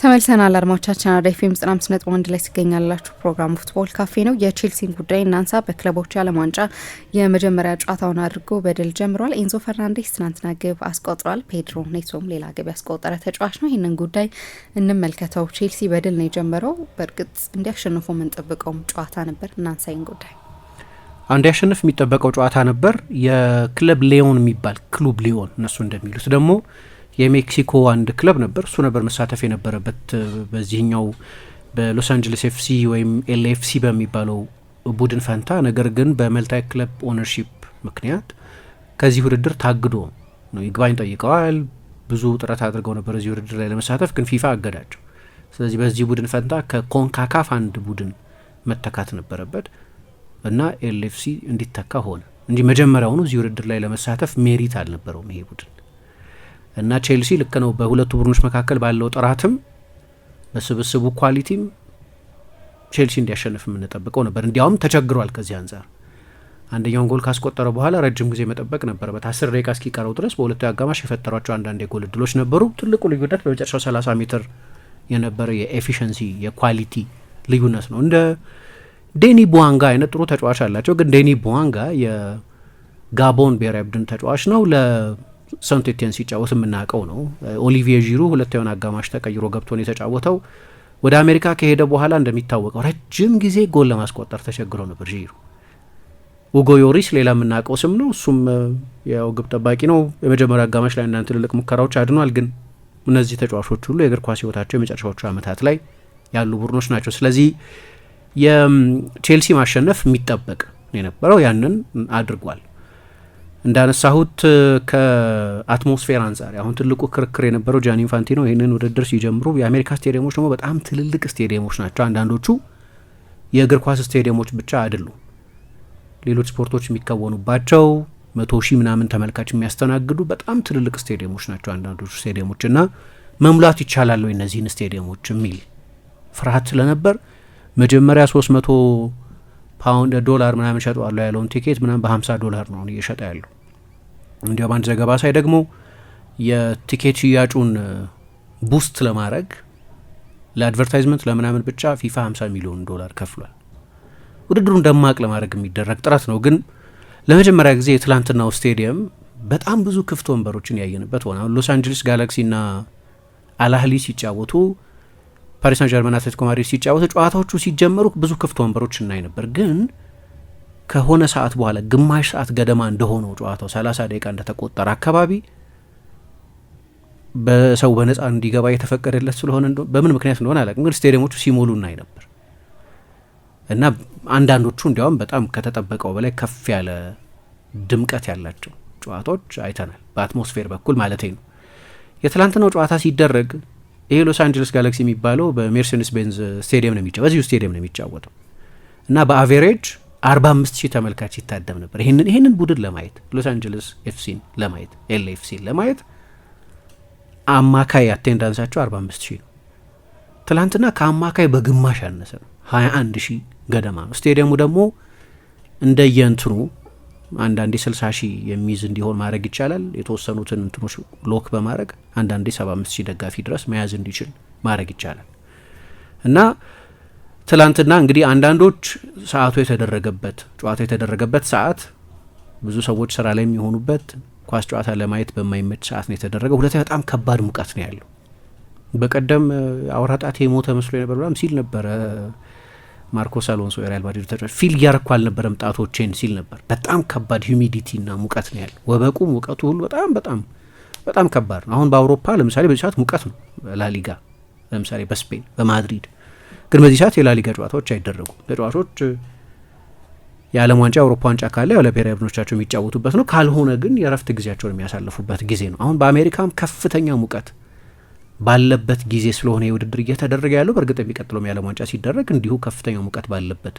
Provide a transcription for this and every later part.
ተመልሰናል አድማቻችን፣ አራዳ ኤፍ ኤም ዘጠና አምስት ነጥብ አንድ ላይ ትገኛላችሁ። ፕሮግራሙ ፉትቦል ካፌ ነው። የቼልሲን ጉዳይ እናንሳ። በክለቦች የዓለም ዋንጫ የመጀመሪያ ጨዋታውን አድርጎ በድል ጀምሯል። ኤንዞ ፈርናንዴስ ትናንትና ግብ አስቆጥሯል። ፔድሮ ኔቶም ሌላ ግብ ያስቆጠረ ተጫዋች ነው። ይህንን ጉዳይ እንመልከተው። ቼልሲ በድል ነው የጀመረው። በእርግጥ እንዲያሸንፎ የምንጠብቀውም ጨዋታ ነበር። እናንሳይን ጉዳይ እንዲያሸንፍ የሚጠበቀው ጨዋታ ነበር። የክለብ ሊዮን የሚባል ክሉብ ሊዮን እነሱ እንደሚሉት ደግሞ የሜክሲኮ አንድ ክለብ ነበር። እሱ ነበር መሳተፍ የነበረበት በዚህኛው በሎስ አንጀለስ ኤፍሲ ወይም ኤልኤፍሲ በሚባለው ቡድን ፈንታ። ነገር ግን በመልታይ ክለብ ኦነርሺፕ ምክንያት ከዚህ ውድድር ታግዶ ነው ይግባኝ ጠይቀዋል። ብዙ ጥረት አድርገው ነበር እዚህ ውድድር ላይ ለመሳተፍ ግን ፊፋ አገዳቸው። ስለዚህ በዚህ ቡድን ፈንታ ከኮንካካፍ አንድ ቡድን መተካት ነበረበት እና ኤልኤፍሲ እንዲተካ ሆነ እንጂ መጀመሪያውኑ እዚህ ውድድር ላይ ለመሳተፍ ሜሪት አልነበረውም ይሄ ቡድን። እና ቼልሲ ልክ ነው በሁለቱ ቡድኖች መካከል ባለው ጥራትም በስብስቡ ኳሊቲም ቼልሲ እንዲያሸንፍ የምንጠብቀው ነበር። እንዲያውም ተቸግሯል። ከዚህ አንጻር አንደኛውን ጎል ካስቆጠረ በኋላ ረጅም ጊዜ መጠበቅ ነበረበት። አስር ደቂቃ እስኪቀረው ድረስ በሁለቱ አጋማሽ የፈጠሯቸው አንዳንድ የጎል እድሎች ነበሩ። ትልቁ ልዩነት በመጨረሻው 30 ሜትር የነበረ የኤፊሽንሲ የኳሊቲ ልዩነት ነው። እንደ ዴኒ ቡዋንጋ አይነት ጥሩ ተጫዋች አላቸው። ግን ዴኒ ቡዋንጋ የጋቦን ብሔራዊ ቡድን ተጫዋች ነው ለ ሰንት ሲጫወት የምናውቀው ነው። ኦሊቪየ ዢሩ ሁለተኛውን አጋማሽ ተቀይሮ ገብቶ ነው የተጫወተው። ወደ አሜሪካ ከሄደ በኋላ እንደሚታወቀው ረጅም ጊዜ ጎል ለማስቆጠር ተቸግሮ ነበር ዢሩ። ኡጎ ዮሪስ ሌላ የምናውቀው ስም ነው። እሱም ያው ግብ ጠባቂ ነው። የመጀመሪያ አጋማሽ ላይ አንዳንድ ትልልቅ ሙከራዎች አድኗል። ግን እነዚህ ተጫዋቾች ሁሉ የእግር ኳስ ህይወታቸው የመጨረሻዎቹ አመታት ላይ ያሉ ቡድኖች ናቸው። ስለዚህ የቼልሲ ማሸነፍ የሚጠበቅ የነበረው ያንን አድርጓል። እንዳነሳሁት ከአትሞስፌር አንጻር አሁን ትልቁ ክርክር የነበረው ጃን ኢንፋንቲኖ ይህንን ውድድር ሲጀምሩ የአሜሪካ ስቴዲየሞች ደግሞ በጣም ትልልቅ ስቴዲየሞች ናቸው። አንዳንዶቹ የእግር ኳስ ስቴዲየሞች ብቻ አይደሉም። ሌሎች ስፖርቶች የሚከወኑባቸው መቶ ሺህ ምናምን ተመልካች የሚያስተናግዱ በጣም ትልልቅ ስቴዲየሞች ናቸው አንዳንዶቹ ስቴዲየሞች እና መሙላት ይቻላል እነዚህን ስቴዲየሞች የሚል ፍርሃት ስለነበር መጀመሪያ ሶስት መቶ ፓውንድ ዶላር ምናምን ሸጠዋለሁ ያለውን ቲኬት ምናምን በ50 ዶላር ነው እየሸጠ ያለው። እንዲያውም አንድ ዘገባ ሳይ ደግሞ የቲኬት ሽያጩን ቡስት ለማድረግ ለአድቨርታይዝመንት ለምናምን ብቻ ፊፋ 50 ሚሊዮን ዶላር ከፍሏል። ውድድሩን ደማቅ ለማድረግ የሚደረግ ጥረት ነው። ግን ለመጀመሪያ ጊዜ የትላንትናው ስቴዲየም በጣም ብዙ ክፍት ወንበሮችን ያየንበት ሆነ። ሎስ አንጀለስ ጋላክሲና አላህሊ ሲጫወቱ ፓሪስ ሳን ጀርመን አትሌቲኮ ማድሪድ ሲጫወቱ ጨዋታዎቹ ሲጀመሩ ብዙ ክፍት ወንበሮች እናይ ነበር። ግን ከሆነ ሰዓት በኋላ ግማሽ ሰዓት ገደማ እንደሆነው ጨዋታው 30 ደቂቃ እንደተቆጠረ አካባቢ በሰው በነፃ እንዲገባ የተፈቀደለት ስለሆነ በምን ምክንያት እንደሆነ አላውቅም፣ ግን ስቴዲየሞቹ ሲሞሉ እናይ ነበር እና አንዳንዶቹ እንዲያውም በጣም ከተጠበቀው በላይ ከፍ ያለ ድምቀት ያላቸው ጨዋታዎች አይተናል። በአትሞስፌር በኩል ማለት ነው። የትላንትናው ጨዋታ ሲደረግ ይሄ ሎስ አንጀለስ ጋላክሲ የሚባለው በሜርሴዲስ ቤንዝ ስቴዲየም ነው የሚጫወ በዚሁ ስቴዲየም ነው የሚጫወተው እና በአቬሬጅ 45 ሺህ ተመልካች ይታደም ነበር። ይህንን ይህንን ቡድን ለማየት ሎስ አንጀለስ ኤፍሲን ለማየት ኤል ኤፍሲን ለማየት አማካይ አቴንዳንሳቸው 45 ሺህ ነው። ትላንትና ከአማካይ በግማሽ ያነሰ ነው፣ 21 ሺህ ገደማ ነው። ስቴዲየሙ ደግሞ እንደየንትኑ አንዳንዴ 60 ሺህ የሚይዝ እንዲሆን ማድረግ ይቻላል። የተወሰኑትን እንትኖች ሎክ በማድረግ አንዳንዴ 75 ሺህ ደጋፊ ድረስ መያዝ እንዲችል ማድረግ ይቻላል እና ትላንትና እንግዲህ አንዳንዶች ሰዓቱ የተደረገበት ጨዋታ የተደረገበት ሰዓት ብዙ ሰዎች ስራ ላይ የሚሆኑበት ኳስ ጨዋታ ለማየት በማይመች ሰዓት ነው የተደረገ። ሁለተኛ በጣም ከባድ ሙቀት ነው ያለው። በቀደም አውራ ጣቴ የሞተ መስሎ ነበር ሲል ነበረ ማርኮስ አሎንሶ የሪያል ማድሪድ ተጫዋች ፊል እያረኩ አልነበረም ጣቶቼን ሲል ነበር። በጣም ከባድ ሂዩሚዲቲና ሙቀት ነው ያለ ወበቁ ሙቀቱ ሁሉ በጣም በጣም በጣም ከባድ ነው። አሁን በአውሮፓ ለምሳሌ በዚህ ሰዓት ሙቀት ነው ላሊጋ ለምሳሌ በስፔን በማድሪድ ግን በዚህ ሰዓት የላሊጋ ጨዋታዎች አይደረጉም። ተጫዋቾች የዓለም ዋንጫ የአውሮፓ ዋንጫ ካለ ያው ለብሔራዊ ቡድኖቻቸው የሚጫወቱበት ነው። ካልሆነ ግን የረፍት ጊዜያቸውን የሚያሳልፉበት ጊዜ ነው። አሁን በአሜሪካም ከፍተኛ ሙቀት ባለበት ጊዜ ስለሆነ የውድድር እየተደረገ ያለው በእርግጥ የሚቀጥለው የዓለም ዋንጫ ሲደረግ እንዲሁ ከፍተኛው ሙቀት ባለበት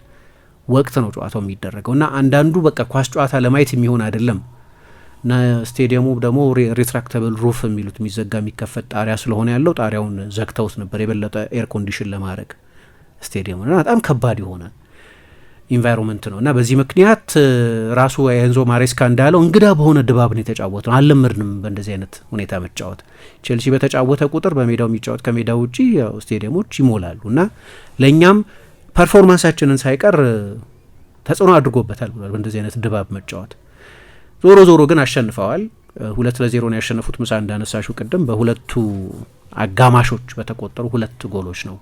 ወቅት ነው ጨዋታው የሚደረገው እና አንዳንዱ በቃ ኳስ ጨዋታ ለማየት የሚሆን አይደለም እና ስቴዲየሙ ደግሞ ሪትራክተብል ሩፍ የሚሉት የሚዘጋ የሚከፈት ጣሪያ ስለሆነ ያለው ጣሪያውን ዘግተውት ነበር የበለጠ ኤር ኮንዲሽን ለማድረግ ስቴዲየሙ እና በጣም ከባድ ይሆናል። ኢንቫይሮንመንት ነው እና በዚህ ምክንያት ራሱ ኤንዞ ማሬስካ እንዳለው እንግዳ በሆነ ድባብ ነው የተጫወት ነው። አልለመድንም በእንደዚህ አይነት ሁኔታ መጫወት። ቼልሲ በተጫወተ ቁጥር በሜዳው የሚጫወት ከሜዳ ውጭ ስቴዲየሞች ይሞላሉ እና ለእኛም ፐርፎርማንሳችንን ሳይቀር ተጽዕኖ አድርጎበታል ብሏል። በእንደዚህ አይነት ድባብ መጫወት ዞሮ ዞሮ ግን አሸንፈዋል። ሁለት ለዜሮ ነው ያሸነፉት። ምሳ እንዳነሳሹ ቅድም በሁለቱ አጋማሾች በተቆጠሩ ሁለት ጎሎች ነው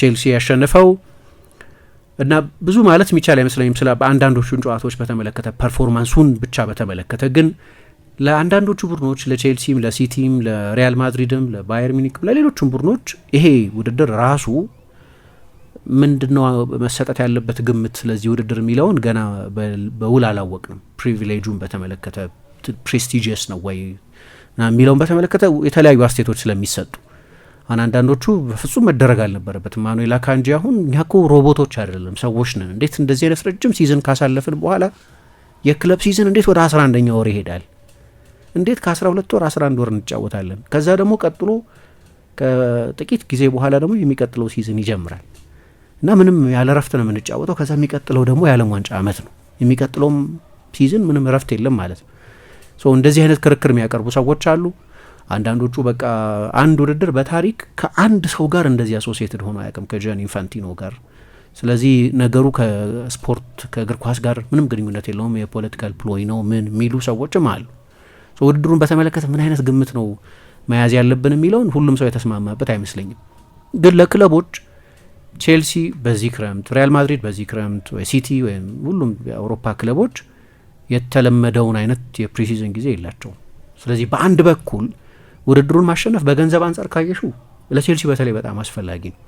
ቼልሲ ያሸንፈው። እና ብዙ ማለት የሚቻል አይመስለኝም ስለ በአንዳንዶቹን ጨዋታዎች በተመለከተ ፐርፎርማንሱን ብቻ በተመለከተ ግን ለአንዳንዶቹ ቡድኖች ለቼልሲም፣ ለሲቲም፣ ለሪያል ማድሪድም፣ ለባየር ሚኒክም ለሌሎችም ቡድኖች ይሄ ውድድር ራሱ ምንድነው መሰጠት ያለበት ግምት ለዚህ ውድድር የሚለውን ገና በውል አላወቅንም። ፕሪቪሌጁን በተመለከተ ፕሬስቲጂየስ ነው ወይ የሚለውን በተመለከተ የተለያዩ አስቴቶች ስለሚሰጡ አሁን አንዳንዶቹ በፍጹም መደረግ አልነበረበትም። ማኑኤል አካንጂ አሁን እኛ እኮ ሮቦቶች አይደለም ሰዎች ነን፣ እንዴት እንደዚህ አይነት ረጅም ሲዝን ካሳለፍን በኋላ የክለብ ሲዝን እንዴት ወደ 11ኛ ወር ይሄዳል? እንዴት ከ12 ወር 11 ወር እንጫወታለን? ከዛ ደግሞ ቀጥሎ ከጥቂት ጊዜ በኋላ ደግሞ የሚቀጥለው ሲዝን ይጀምራል እና ምንም ያለ ረፍት ነው የምንጫወተው። ከዛ የሚቀጥለው ደግሞ የዓለም ዋንጫ አመት ነው። የሚቀጥለውም ሲዝን ምንም ረፍት የለም ማለት ነው። እንደዚህ አይነት ክርክር የሚያቀርቡ ሰዎች አሉ። አንዳንዶቹ በቃ አንድ ውድድር በታሪክ ከአንድ ሰው ጋር እንደዚህ አሶሲየትድ ሆኖ አያውቅም ከጃን ኢንፋንቲኖ ጋር። ስለዚህ ነገሩ ከስፖርት ከእግር ኳስ ጋር ምንም ግንኙነት የለውም፣ የፖለቲካል ፕሎይ ነው ምን የሚሉ ሰዎችም አሉ። ውድድሩን በተመለከተ ምን አይነት ግምት ነው መያዝ ያለብን የሚለውን ሁሉም ሰው የተስማማበት አይመስለኝም። ግን ለክለቦች ቼልሲ በዚህ ክረምት፣ ሪያል ማድሪድ በዚህ ክረምት ወይ ሲቲ ወይም ሁሉም የአውሮፓ ክለቦች የተለመደውን አይነት የፕሪሲዝን ጊዜ የላቸውም። ስለዚህ በአንድ በኩል ውድድሩን ማሸነፍ በገንዘብ አንጻር ካየሹ ለቼልሲ በተለይ በጣም አስፈላጊ ነው።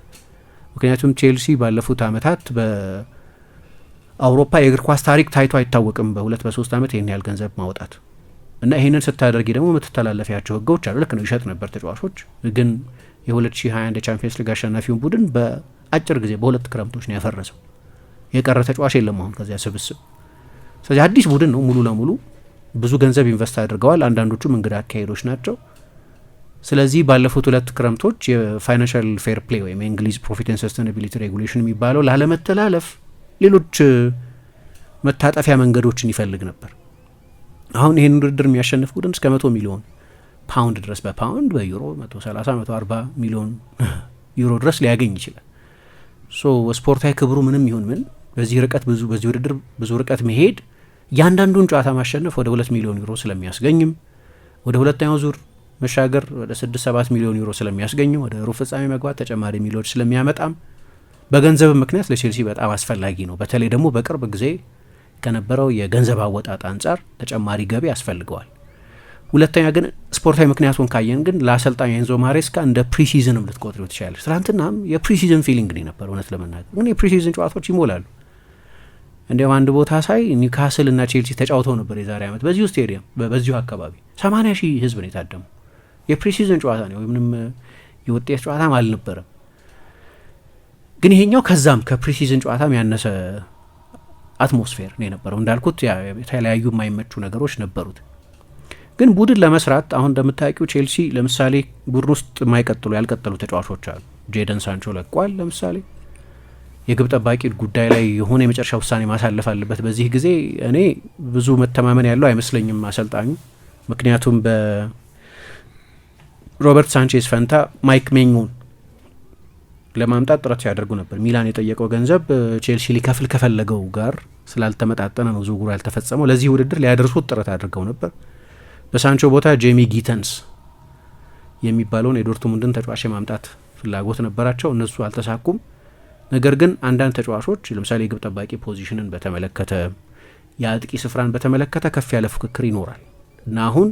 ምክንያቱም ቼልሲ ባለፉት አመታት በአውሮፓ የእግር ኳስ ታሪክ ታይቶ አይታወቅም፣ በሁለት በሶስት አመት ይህን ያህል ገንዘብ ማውጣት እና ይህንን ስታደርጊ ደግሞ የምትተላለፊያቸው ህገዎች አሉ። ልክ ነው፣ ይሸጥ ነበር ተጫዋቾች ግን የ2021 የቻምፒየንስ ሊግ አሸናፊውን ቡድን በአጭር ጊዜ በሁለት ክረምቶች ነው ያፈረሰው። የቀረ ተጫዋች የለም አሁን ከዚያ ስብስብ። ስለዚህ አዲስ ቡድን ነው ሙሉ ለሙሉ ብዙ ገንዘብ ኢንቨስት አድርገዋል። አንዳንዶቹም እንግዳ አካሄዶች ናቸው። ስለዚህ ባለፉት ሁለት ክረምቶች የፋይናንሻል ፌር ፕሌ ወይም የእንግሊዝ ፕሮፊት ሰስተናቢሊቲ ሬጉሌሽን የሚባለው ላለመተላለፍ ሌሎች መታጠፊያ መንገዶችን ይፈልግ ነበር። አሁን ይህን ውድድር የሚያሸንፍ ቡድን እስከ መቶ ሚሊዮን ፓውንድ ድረስ በፓውንድ በዩሮ 130 ሚሊዮን ዩሮ ድረስ ሊያገኝ ይችላል። ሶ ስፖርታዊ ክብሩ ምንም ይሁን ምን በዚህ ርቀት ብዙ በዚህ ውድድር ብዙ ርቀት መሄድ እያንዳንዱን ጨዋታ ማሸነፍ ወደ ሁለት ሚሊዮን ዩሮ ስለሚያስገኝም ወደ ሁለተኛው ዙር መሻገር ወደ 67 ሚሊዮን ዩሮ ስለሚያስገኙ ወደ ሩብ ፍጻሜ መግባት ተጨማሪ ሚሊዮን ስለሚያመጣም በገንዘብ ምክንያት ለቼልሲ በጣም አስፈላጊ ነው። በተለይ ደግሞ በቅርብ ጊዜ ከነበረው የገንዘብ አወጣጥ አንጻር ተጨማሪ ገቢ ያስፈልገዋል። ሁለተኛ ግን ስፖርታዊ ምክንያቱን ካየን ግን ለአሰልጣኝ ኤንዞ ማሬስካ እንደ ፕሪሲዝንም ልትቆጥሪው ትችላለች። ትናንትናም የፕሪሲዝን ፊሊንግ ነው የነበረ። እውነት ለመናገር ግን የፕሪሲዝን ጨዋታዎች ይሞላሉ። እንዲሁም አንድ ቦታ ሳይ ኒውካስል እና ቼልሲ ተጫውተው ነበር የዛሬ ዓመት በዚሁ ስቴዲየም በዚሁ አካባቢ ሰማንያ ሺህ ህዝብ ነው የታደሙ የፕሪሲዝን ጨዋታ ነው፣ ምንም የውጤት ጨዋታም አልነበረም። ግን ይሄኛው ከዛም ከፕሪሲዝን ጨዋታም ያነሰ አትሞስፌር ነው የነበረው። እንዳልኩት የተለያዩ የማይመቹ ነገሮች ነበሩት። ግን ቡድን ለመስራት አሁን እንደምታውቂው ቼልሲ ለምሳሌ ቡድን ውስጥ የማይቀጥሉ ያልቀጠሉ ተጫዋቾች አሉ። ጄደን ሳንቾ ለቋል። ለምሳሌ የግብ ጠባቂ ጉዳይ ላይ የሆነ የመጨረሻ ውሳኔ ማሳለፍ አለበት። በዚህ ጊዜ እኔ ብዙ መተማመን ያለው አይመስለኝም አሰልጣኙ ምክንያቱም በ ሮበርት ሳንቼዝ ፈንታ ማይክ ሜኙን ለማምጣት ጥረት ሲያደርጉ ነበር። ሚላን የጠየቀው ገንዘብ ቼልሲ ሊከፍል ከፈለገው ጋር ስላልተመጣጠነ ነው ዝውውሩ ያልተፈጸመው። ለዚህ ውድድር ሊያደርሱት ጥረት አድርገው ነበር። በሳንቾ ቦታ ጄሚ ጊተንስ የሚባለውን የዶርትሙንድን ተጫዋች የማምጣት ፍላጎት ነበራቸው። እነሱ አልተሳኩም። ነገር ግን አንዳንድ ተጫዋቾች ለምሳሌ የግብ ጠባቂ ፖዚሽንን በተመለከተ፣ የአጥቂ ስፍራን በተመለከተ ከፍ ያለ ፉክክር ይኖራል እና አሁን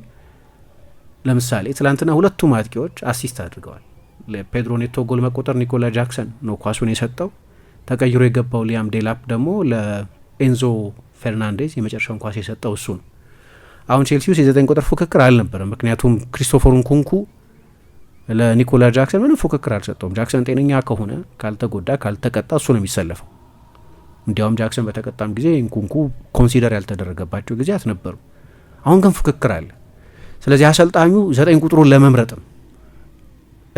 ለምሳሌ ትላንትና ሁለቱም አጥቂዎች አሲስት አድርገዋል። ለፔድሮ ኔቶ ጎል መቆጠር ኒኮላ ጃክሰን ነው ኳሱን የሰጠው። ተቀይሮ የገባው ሊያም ዴላፕ ደግሞ ለኤንዞ ፌርናንዴዝ የመጨረሻውን ኳስ የሰጠው እሱ ነው። አሁን ቼልሲ ውስጥ የዘጠኝ ቁጥር ፉክክር አልነበረም። ምክንያቱም ክሪስቶፈር ንኩንኩ ለኒኮላ ጃክሰን ምንም ፉክክር አልሰጠውም። ጃክሰን ጤነኛ ከሆነ ካልተጎዳ፣ ካልተቀጣ እሱ ነው የሚሰለፈው። እንዲያውም ጃክሰን በተቀጣም ጊዜ ንኩንኩ ኮንሲደር ያልተደረገባቸው ጊዜያት ነበሩ። አሁን ግን ፉክክር አለ። ስለዚህ አሰልጣኙ ዘጠኝ ቁጥሩን ለመምረጥም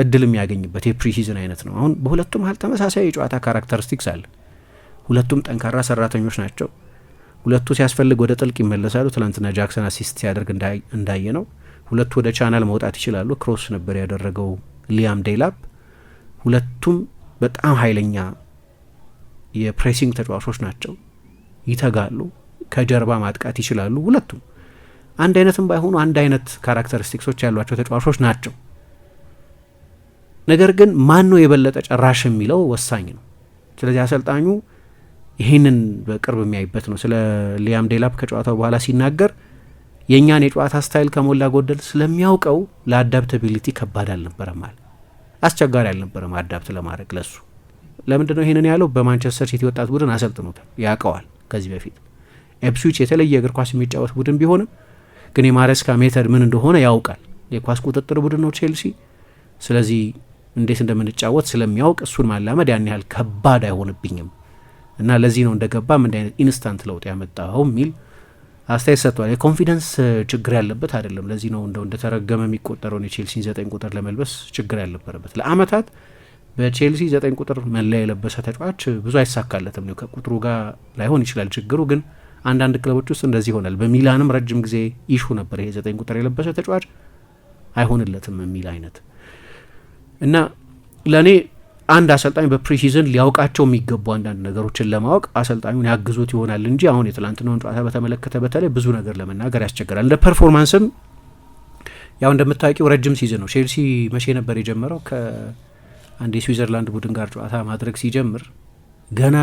እድል የሚያገኝበት የፕሪሲዝን አይነት ነው። አሁን በሁለቱም ሀል ተመሳሳይ የጨዋታ ካራክተሪስቲክስ አለ። ሁለቱም ጠንካራ ሰራተኞች ናቸው። ሁለቱ ሲያስፈልግ ወደ ጥልቅ ይመለሳሉ። ትናንትና ጃክሰን አሲስት ሲያደርግ እንዳየ ነው። ሁለቱ ወደ ቻናል መውጣት ይችላሉ። ክሮስ ነበር ያደረገው ሊያም ዴላፕ። ሁለቱም በጣም ኃይለኛ የፕሬሲንግ ተጫዋቾች ናቸው። ይተጋሉ፣ ከጀርባ ማጥቃት ይችላሉ ሁለቱም አንድ አይነትም ባይሆኑ አንድ አይነት ካራክተሪስቲክሶች ያሏቸው ተጫዋቾች ናቸው። ነገር ግን ማን ነው የበለጠ ጨራሽ የሚለው ወሳኝ ነው። ስለዚህ አሰልጣኙ ይህንን በቅርብ የሚያይበት ነው። ስለ ሊያም ዴላፕ ከጨዋታው በኋላ ሲናገር የእኛን የጨዋታ ስታይል ከሞላ ጎደል ስለሚያውቀው ለአዳፕተቢሊቲ ከባድ አልነበረም አለ። አስቸጋሪ አልነበረም አዳፕት ለማድረግ ለሱ። ለምንድን ነው ይህንን ያለው? በማንቸስተር ሲቲ ወጣት ቡድን አሰልጥኖታል፣ ያውቀዋል። ከዚህ በፊት ኤፕስዊች የተለየ እግር ኳስ የሚጫወት ቡድን ቢሆንም ግን የማረስካ ሜተድ ምን እንደሆነ ያውቃል፣ የኳስ ቁጥጥር ቡድን ነው ቼልሲ። ስለዚህ እንዴት እንደምንጫወት ስለሚያውቅ እሱን ማላመድ ያን ያህል ከባድ አይሆንብኝም እና ለዚህ ነው እንደገባም እንዲህ አይነት ኢንስታንት ለውጥ ያመጣኸው የሚል አስተያየት ሰጥቷል። የኮንፊደንስ ችግር ያለበት አይደለም። ለዚህ ነው እንደው እንደተረገመ የሚቆጠረውን የቼልሲን ዘጠኝ ቁጥር ለመልበስ ችግር ያልነበረበት። ለአመታት በቼልሲ ዘጠኝ ቁጥር መለያ የለበሰ ተጫዋች ብዙ አይሳካለትም ከቁጥሩ ጋር ላይሆን ይችላል ችግሩ ግን አንዳንድ ክለቦች ውስጥ እንደዚህ ይሆናል። በሚላንም ረጅም ጊዜ ኢሹ ነበር ይሄ ዘጠኝ ቁጥር የለበሰ ተጫዋች አይሆንለትም የሚል አይነት እና ለእኔ አንድ አሰልጣኝ በፕሪሲዝን ሊያውቃቸው የሚገቡ አንዳንድ ነገሮችን ለማወቅ አሰልጣኙን ያግዙት ይሆናል እንጂ አሁን የትላንትናውን ጨዋታ በተመለከተ በተለይ ብዙ ነገር ለመናገር ያስቸግራል። እንደ ፐርፎርማንስም ያው እንደምታውቂው ረጅም ሲዝን ነው። ቼልሲ መቼ ነበር የጀመረው? ከአንድ የስዊዘርላንድ ቡድን ጋር ጨዋታ ማድረግ ሲጀምር ገና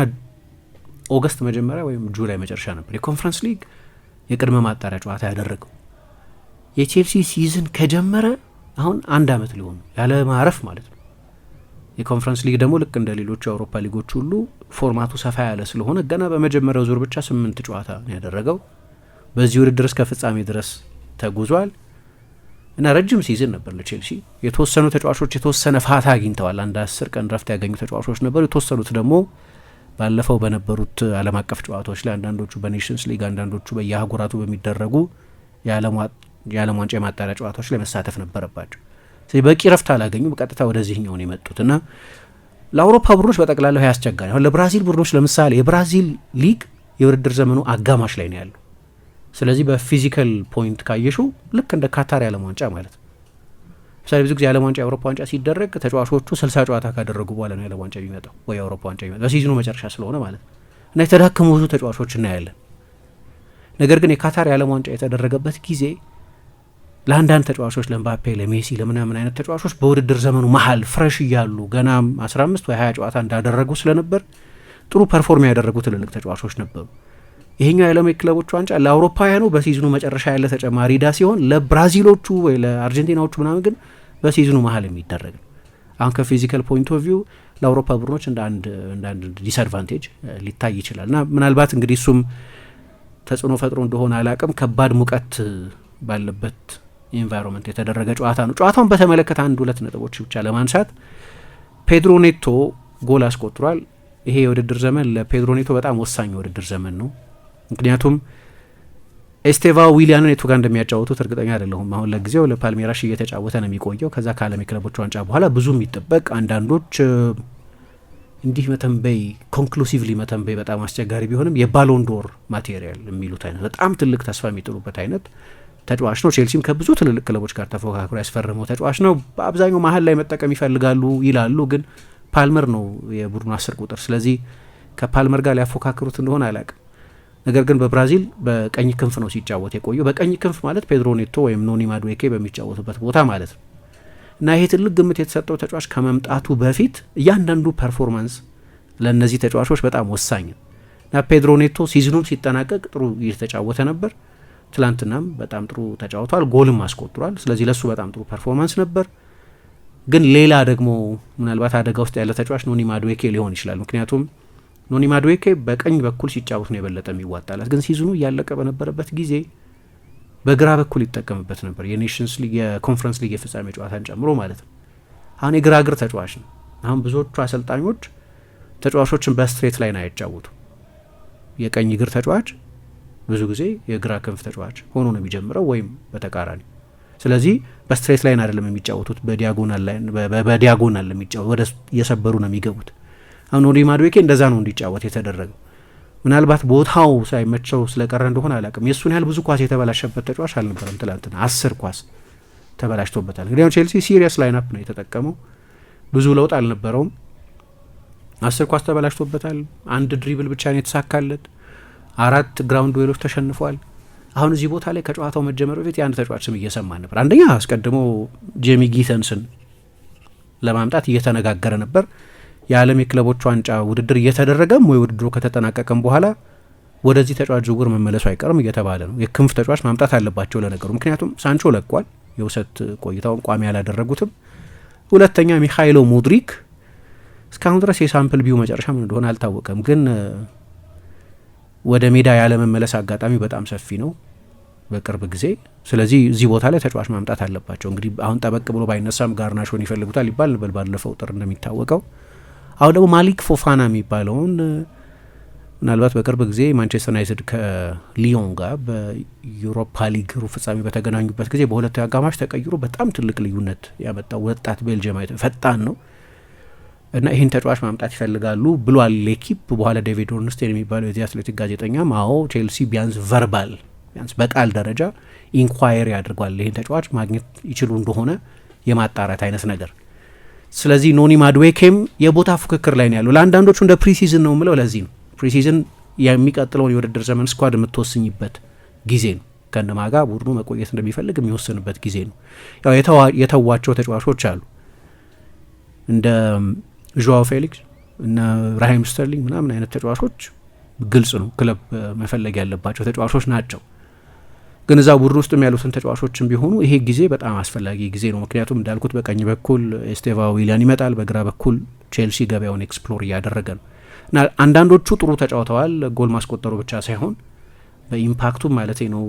ኦገስት መጀመሪያ ወይም ጁላይ መጨረሻ ነበር የኮንፈረንስ ሊግ የቅድመ ማጣሪያ ጨዋታ ያደረገው። የቼልሲ ሲዝን ከጀመረ አሁን አንድ አመት ሊሆኑ ያለ ማረፍ ማለት ነው። የኮንፈረንስ ሊግ ደግሞ ልክ እንደ ሌሎቹ የአውሮፓ ሊጎች ሁሉ ፎርማቱ ሰፋ ያለ ስለሆነ ገና በመጀመሪያው ዙር ብቻ ስምንት ጨዋታ ነው ያደረገው። በዚህ ውድድር እስከ ፍጻሜ ድረስ ተጉዟል እና ረጅም ሲዝን ነበር ለቼልሲ። የተወሰኑ ተጫዋቾች የተወሰነ ፋታ አግኝተዋል። አንድ አስር ቀን ረፍት ያገኙ ተጫዋቾች ነበሩ። የተወሰኑት ደግሞ ባለፈው በነበሩት ዓለም አቀፍ ጨዋታዎች ላይ አንዳንዶቹ በኔሽንስ ሊግ አንዳንዶቹ በየአህጉራቱ በሚደረጉ የዓለም ዋንጫ የማጣሪያ ጨዋታዎች ላይ መሳተፍ ነበረባቸው። ስለዚህ በቂ ረፍት አላገኙ፣ በቀጥታ ወደዚህኛው ነው የመጡት እና ለአውሮፓ ቡድኖች በጠቅላላው ያስቸጋሪ። አሁን ለብራዚል ቡድኖች ለምሳሌ የብራዚል ሊግ የውድድር ዘመኑ አጋማሽ ላይ ነው ያለው። ስለዚህ በፊዚካል ፖይንት ካየሹ ልክ እንደ ካታር ያለም ዋንጫ ማለት ነው። ምሳሌ ብዙ ጊዜ የዓለም ዋንጫ የአውሮፓ ዋንጫ ሲደረግ ተጫዋቾቹ ስልሳ ጨዋታ ካደረጉ በኋላ ነው የዓለም ዋንጫ የሚመጣው ወይ የአውሮፓ ዋንጫ የሚመጣው በሲዝኑ መጨረሻ ስለሆነ ማለት ነው። እና የተዳከሙ ብዙ ተጫዋቾች እናያለን። ነገር ግን የካታር የዓለም ዋንጫ የተደረገበት ጊዜ ለአንዳንድ ተጫዋቾች ለምባፔ፣ ለሜሲ፣ ለምናምን አይነት ተጫዋቾች በውድድር ዘመኑ መሀል ፍረሽ እያሉ ገና 15 ወይ 20 ጨዋታ እንዳደረጉ ስለነበር ጥሩ ፐርፎርም ያደረጉ ትልልቅ ተጫዋቾች ነበሩ። ይሄኛው የዓለም ክለቦች ዋንጫ ለአውሮፓውያኑ በሲዝኑ መጨረሻ ያለ ተጨማሪ ዳ ሲሆን ለብራዚሎቹ ወይ ለአርጀንቲናዎቹ ምናምን ግን በሲዝኑ መሀል የሚደረግ ነው። አሁን ከፊዚካል ፖይንት ኦፍ ቪው ለአውሮፓ ቡድኖች እንደ አንድ ዲስአድቫንቴጅ ሊታይ ይችላል እና ምናልባት እንግዲህ እሱም ተጽዕኖ ፈጥሮ እንደሆነ አላቅም። ከባድ ሙቀት ባለበት ኢንቫይሮንመንት የተደረገ ጨዋታ ነው። ጨዋታውን በተመለከተ አንድ ሁለት ነጥቦች ብቻ ለማንሳት ፔድሮ ኔቶ ጎል አስቆጥሯል። ይሄ የውድድር ዘመን ለፔድሮ ኔቶ በጣም ወሳኝ የውድድር ዘመን ነው ምክንያቱም ኤስቴቫ ዊሊያንን የቱ ጋር እንደሚያጫወቱት እርግጠኛ አይደለሁም። አሁን ለጊዜው ለፓልሜራሽ እየተጫወተ ነው የሚቆየው። ከዛ ከዓለም የክለቦች ዋንጫ በኋላ ብዙ የሚጠበቅ አንዳንዶች እንዲህ መተንበይ ኮንክሉሲቭሊ መተንበይ በጣም አስቸጋሪ ቢሆንም የባሎንዶር ማቴሪያል የሚሉት አይነት በጣም ትልቅ ተስፋ የሚጥሉበት አይነት ተጫዋች ነው። ቼልሲም ከብዙ ትልልቅ ክለቦች ጋር ተፎካክሮ ያስፈረመው ተጫዋች ነው። በአብዛኛው መሀል ላይ መጠቀም ይፈልጋሉ ይላሉ፣ ግን ፓልመር ነው የቡድኑ አስር ቁጥር። ስለዚህ ከፓልመር ጋር ሊያፎካክሩት እንደሆነ አላውቅም። ነገር ግን በብራዚል በቀኝ ክንፍ ነው ሲጫወት የቆየው። በቀኝ ክንፍ ማለት ፔድሮ ኔቶ ወይም ኖኒ ማድዌኬ በሚጫወቱበት ቦታ ማለት ነው እና ይሄ ትልቅ ግምት የተሰጠው ተጫዋች ከመምጣቱ በፊት እያንዳንዱ ፐርፎርማንስ ለእነዚህ ተጫዋቾች በጣም ወሳኝ ነው እና ፔድሮ ኔቶ ሲዝኑም ሲጠናቀቅ ጥሩ እየተጫወተ ነበር። ትላንትናም በጣም ጥሩ ተጫውቷል፣ ጎልም አስቆጥሯል። ስለዚህ ለሱ በጣም ጥሩ ፐርፎርማንስ ነበር። ግን ሌላ ደግሞ ምናልባት አደጋ ውስጥ ያለ ተጫዋች ኖኒ ማድዌኬ ሊሆን ይችላል ምክንያቱም ኖኒ ማድዌኬ በቀኝ በኩል ሲጫወት ነው የበለጠ የሚዋጣላት። ግን ሲዝኑ እያለቀ በነበረበት ጊዜ በግራ በኩል ይጠቀምበት ነበር፣ የኔሽንስ ሊግ የኮንፈረንስ ሊግ የፍጻሜ ጨዋታን ጨምሮ ማለት ነው። አሁን የግራ እግር ተጫዋች ነው። አሁን ብዙዎቹ አሰልጣኞች ተጫዋቾችን በስትሬት ላይ ነው ያጫወቱ። የቀኝ እግር ተጫዋች ብዙ ጊዜ የግራ ክንፍ ተጫዋች ሆኖ ነው የሚጀምረው ወይም በተቃራኒ። ስለዚህ በስትሬት ላይን አይደለም የሚጫወቱት፣ በዲያጎናል ላይ በዲያጎናል የሚጫወቱ ወደ የሰበሩ ነው የሚገቡት። አሁን ኦዲ ማድዌኬ እንደዛ ነው እንዲጫወት የተደረገው። ምናልባት ቦታው ሳይመቸው ስለቀረ እንደሆነ አላውቅም። የእሱን ያህል ብዙ ኳስ የተበላሸበት ተጫዋች አልነበረም። ትላንትና አስር ኳስ ተበላሽቶበታል። እንግዲህ ቼልሲ ሲሪየስ ላይናፕ ነው የተጠቀመው። ብዙ ለውጥ አልነበረውም። አስር ኳስ ተበላሽቶበታል። አንድ ድሪብል ብቻ ነው የተሳካለት። አራት ግራውንድ ዌሎች ተሸንፏል። አሁን እዚህ ቦታ ላይ ከጨዋታው መጀመር በፊት የአንድ ተጫዋች ስም እየሰማ ነበር። አንደኛ አስቀድሞ ጄሚ ጊተንስን ለማምጣት እየተነጋገረ ነበር። የዓለም የክለቦች ዋንጫ ውድድር እየተደረገም ወይ ውድድሩ ከተጠናቀቀም በኋላ ወደዚህ ተጫዋች ዝውውር መመለሱ አይቀርም እየተባለ ነው። የክንፍ ተጫዋች ማምጣት አለባቸው ለነገሩ፣ ምክንያቱም ሳንቾ ለቋል። የውሰት ቆይታውን ቋሚ ያላደረጉትም። ሁለተኛ ሚካይሎ ሙድሪክ እስካሁን ድረስ የሳምፕል ቢው መጨረሻ ምን እንደሆነ አልታወቀም፣ ግን ወደ ሜዳ ያለመመለስ አጋጣሚ በጣም ሰፊ ነው በቅርብ ጊዜ። ስለዚህ እዚህ ቦታ ላይ ተጫዋች ማምጣት አለባቸው። እንግዲህ አሁን ጠበቅ ብሎ ባይነሳም ጋርናሾን ይፈልጉታል ይባል ነበር ባለፈው ጥር እንደሚታወቀው አሁን ደግሞ ማሊክ ፎፋና የሚባለውን ምናልባት በቅርብ ጊዜ ማንቸስተር ዩናይትድ ከሊዮን ጋር በዩሮፓ ሊግ ሩብ ፍጻሜ በተገናኙበት ጊዜ በሁለት አጋማሽ ተቀይሮ በጣም ትልቅ ልዩነት ያመጣው ወጣት ቤልጅየም ፈጣን ነው እና ይህን ተጫዋች ማምጣት ይፈልጋሉ ብሏል ሌኪፕ። በኋላ ዴቪድ ኦርንስቴን የሚባለው የዚህ አትሌቲክ ጋዜጠኛም አዎ ቼልሲ ቢያንስ ቨርባል ቢያንስ በቃል ደረጃ ኢንኳየሪ አድርጓል ይህን ተጫዋች ማግኘት ይችሉ እንደሆነ የማጣራት አይነት ነገር ስለዚህ ኖኒ ማድዌኬም የቦታ ፉክክር ላይ ነው ያሉ። ለአንዳንዶቹ እንደ ፕሪሲዝን ነው ምለው፣ ለዚህ ነው። ፕሪሲዝን የሚቀጥለውን የውድድር ዘመን ስኳድ የምትወስኝበት ጊዜ ነው። ከነማ ጋር ቡድኑ መቆየት እንደሚፈልግ የሚወስንበት ጊዜ ነው። ያው የተዋቸው ተጫዋቾች አሉ እንደ ዡዋው ፌሊክስ እነ ራሂም ስተርሊንግ ምናምን አይነት ተጫዋቾች ግልጽ ነው ክለብ መፈለግ ያለባቸው ተጫዋቾች ናቸው። ግን እዛ ቡድን ውስጥም ያሉትን ተጫዋቾችም ቢሆኑ ይሄ ጊዜ በጣም አስፈላጊ ጊዜ ነው። ምክንያቱም እንዳልኩት በቀኝ በኩል ኤስቴቫ ዊሊያን ይመጣል፣ በግራ በኩል ቼልሲ ገበያውን ኤክስፕሎር እያደረገ ነው እና አንዳንዶቹ ጥሩ ተጫውተዋል። ጎል ማስቆጠሩ ብቻ ሳይሆን በኢምፓክቱ ማለት ነው።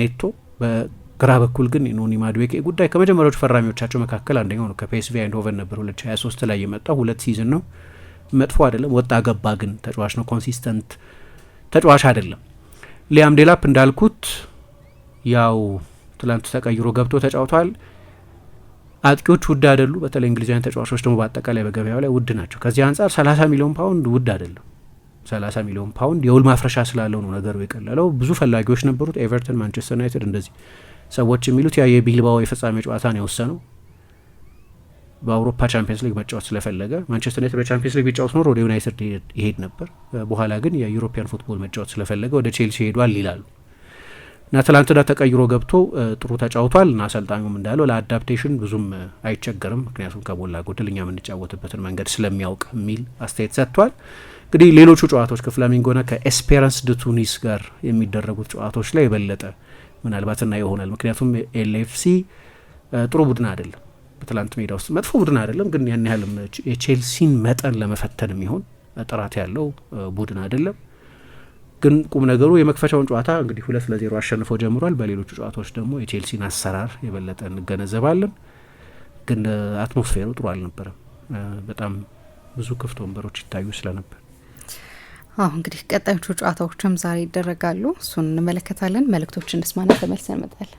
ኔቶ በግራ በኩል ግን ኖኒ ማድዌቄ ጉዳይ ከመጀመሪያዎቹ ፈራሚዎቻቸው መካከል አንደኛው ነው። ከፒኤስቪ አይንድሆቨን ነበር 2023 ላይ የመጣው ሁለት ሲዝን ነው። መጥፎ አይደለም፣ ወጣ ገባ ግን ተጫዋች ነው። ኮንሲስተንት ተጫዋች አይደለም። ሊያም ዴላፕ እንዳልኩት ያው ትላንት ተቀይሮ ገብቶ ተጫውቷል። አጥቂዎች ውድ አይደሉ። በተለይ እንግሊዛውያን ተጫዋቾች ደግሞ በአጠቃላይ በገበያው ላይ ውድ ናቸው። ከዚህ አንጻር 30 ሚሊዮን ፓውንድ ውድ አይደለም። 30 ሚሊዮን ፓውንድ የውል ማፍረሻ ስላለው ነው ነገሩ የቀለለው። ብዙ ፈላጊዎች ነበሩት፣ ኤቨርተን፣ ማንቸስተር ዩናይትድ እንደዚህ ሰዎች የሚሉት ያ የቢልባኦ የፍጻሜ ጨዋታ ነው የወሰነው። በአውሮፓ ቻምፒየንስ ሊግ መጫወት ስለፈለገ ማንቸስተር ዩናይትድ በቻምፒየንስ ሊግ ቢጫወት ኖሮ ወደ ዩናይትድ ይሄድ ነበር። በኋላ ግን የዩሮፒያን ፉትቦል መጫወት ስለፈለገ ወደ ቼልሲ ሄዷል ይላሉ። እና ትላንትና ተቀይሮ ገብቶ ጥሩ ተጫውቷል እና አሰልጣኙም እንዳለው ለአዳፕቴሽን ብዙም አይቸገርም፣ ምክንያቱም ከሞላ ጎደል እኛ የምንጫወትበትን መንገድ ስለሚያውቅ የሚል አስተያየት ሰጥቷል። እንግዲህ ሌሎቹ ጨዋታዎች ከፍላሚንጎና ከኤስፔራንስ ድ ቱኒስ ጋር የሚደረጉት ጨዋታዎች ላይ የበለጠ ምናልባት እና ይሆናል። ምክንያቱም ኤልኤፍሲ ጥሩ ቡድን አይደለም፣ በትላንት ሜዳ ውስጥ መጥፎ ቡድን አይደለም፣ ግን ያን ያህልም የቼልሲን መጠን ለመፈተን የሚሆን ጥራት ያለው ቡድን አይደለም። ግን ቁም ነገሩ የመክፈቻውን ጨዋታ እንግዲህ ሁለት ለዜሮ አሸንፎ ጀምሯል። በሌሎቹ ጨዋታዎች ደግሞ የቼልሲን አሰራር የበለጠ እንገነዘባለን። ግን አትሞስፌሩ ጥሩ አልነበረም። በጣም ብዙ ክፍት ወንበሮች ይታዩ ስለነበር አሁ እንግዲህ ቀጣዮቹ ጨዋታዎችም ዛሬ ይደረጋሉ። እሱን እንመለከታለን። መልእክቶችን እንስማና ተመልሰን እንመጣለን።